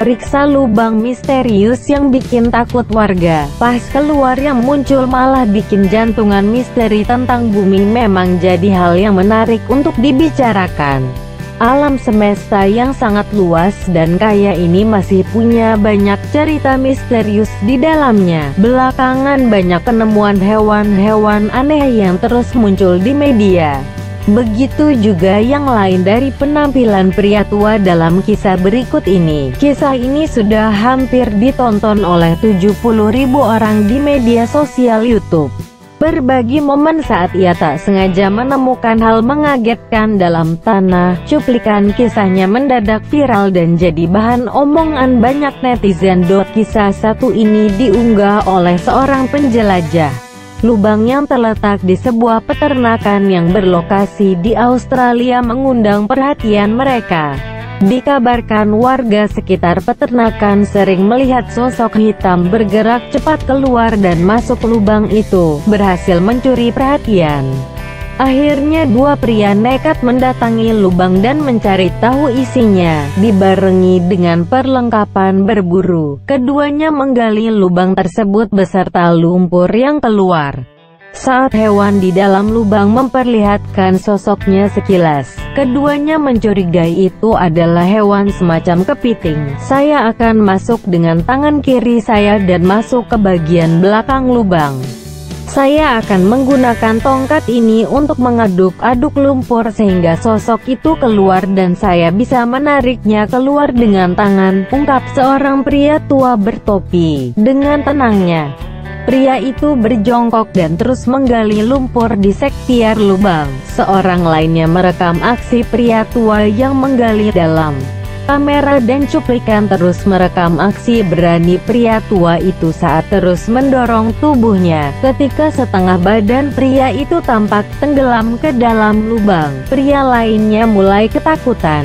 Periksa lubang misterius yang bikin takut warga. Pas keluar yang muncul malah bikin jantungan misteri tentang bumi memang jadi hal yang menarik untuk dibicarakan. Alam semesta yang sangat luas dan kaya ini masih punya banyak cerita misterius di dalamnya. Belakangan banyak penemuan hewan-hewan aneh yang terus muncul di media. Begitu juga yang lain dari penampilan pria tua dalam kisah berikut ini. Kisah ini sudah hampir ditonton oleh 70 ribu orang di media sosial Youtube. Berbagi momen saat ia tak sengaja menemukan hal mengagetkan dalam tanah, cuplikan kisahnya mendadak viral dan jadi bahan omongan banyak netizen. Kisah satu ini diunggah oleh seorang penjelajah. Lubang yang terletak di sebuah peternakan yang berlokasi di Australia mengundang perhatian mereka. Dikabarkan warga sekitar peternakan sering melihat sosok hitam bergerak cepat keluar dan masuk lubang itu, berhasil mencuri perhatian. Akhirnya dua pria nekat mendatangi lubang dan mencari tahu isinya, dibarengi dengan perlengkapan berburu. Keduanya menggali lubang tersebut beserta lumpur yang keluar. Saat hewan di dalam lubang memperlihatkan sosoknya sekilas, keduanya mencurigai itu adalah hewan semacam kepiting. Saya akan masuk dengan tangan kiri saya dan masuk ke bagian belakang lubang. Saya akan menggunakan tongkat ini untuk mengaduk-aduk lumpur sehingga sosok itu keluar dan saya bisa menariknya keluar dengan tangan, ungkap seorang pria tua bertopi, dengan tenangnya. Pria itu berjongkok dan terus menggali lumpur di sektiar lubang. Seorang lainnya merekam aksi pria tua yang menggali dalam. Kamera dan cuplikan terus merekam aksi berani pria tua itu saat terus mendorong tubuhnya. Ketika setengah badan pria itu tampak tenggelam ke dalam lubang, pria lainnya mulai ketakutan.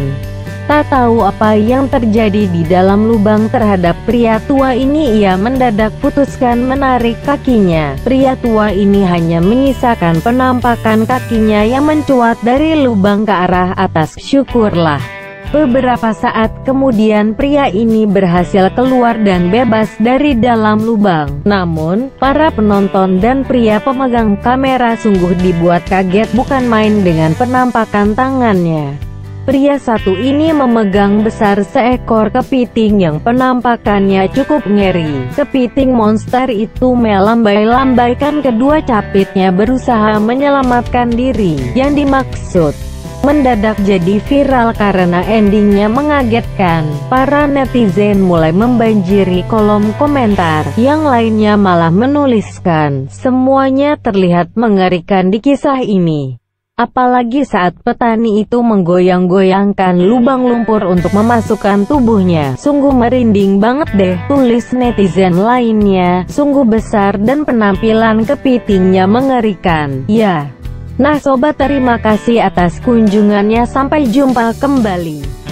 Tak tahu apa yang terjadi di dalam lubang terhadap pria tua ini ia mendadak putuskan menarik kakinya. Pria tua ini hanya menyisakan penampakan kakinya yang mencuat dari lubang ke arah atas. Syukurlah. Beberapa saat kemudian pria ini berhasil keluar dan bebas dari dalam lubang. Namun, para penonton dan pria pemegang kamera sungguh dibuat kaget bukan main dengan penampakan tangannya. Pria satu ini memegang besar seekor kepiting yang penampakannya cukup ngeri. Kepiting monster itu melambai-lambaikan kedua capitnya berusaha menyelamatkan diri. Yang dimaksud mendadak jadi viral karena endingnya mengagetkan. Para netizen mulai membanjiri kolom komentar, yang lainnya malah menuliskan, semuanya terlihat mengerikan di kisah ini. Apalagi saat petani itu menggoyang-goyangkan lubang lumpur untuk memasukkan tubuhnya. Sungguh merinding banget deh, tulis netizen lainnya. Sungguh besar dan penampilan kepitingnya mengerikan. Ya, Nah sobat terima kasih atas kunjungannya sampai jumpa kembali.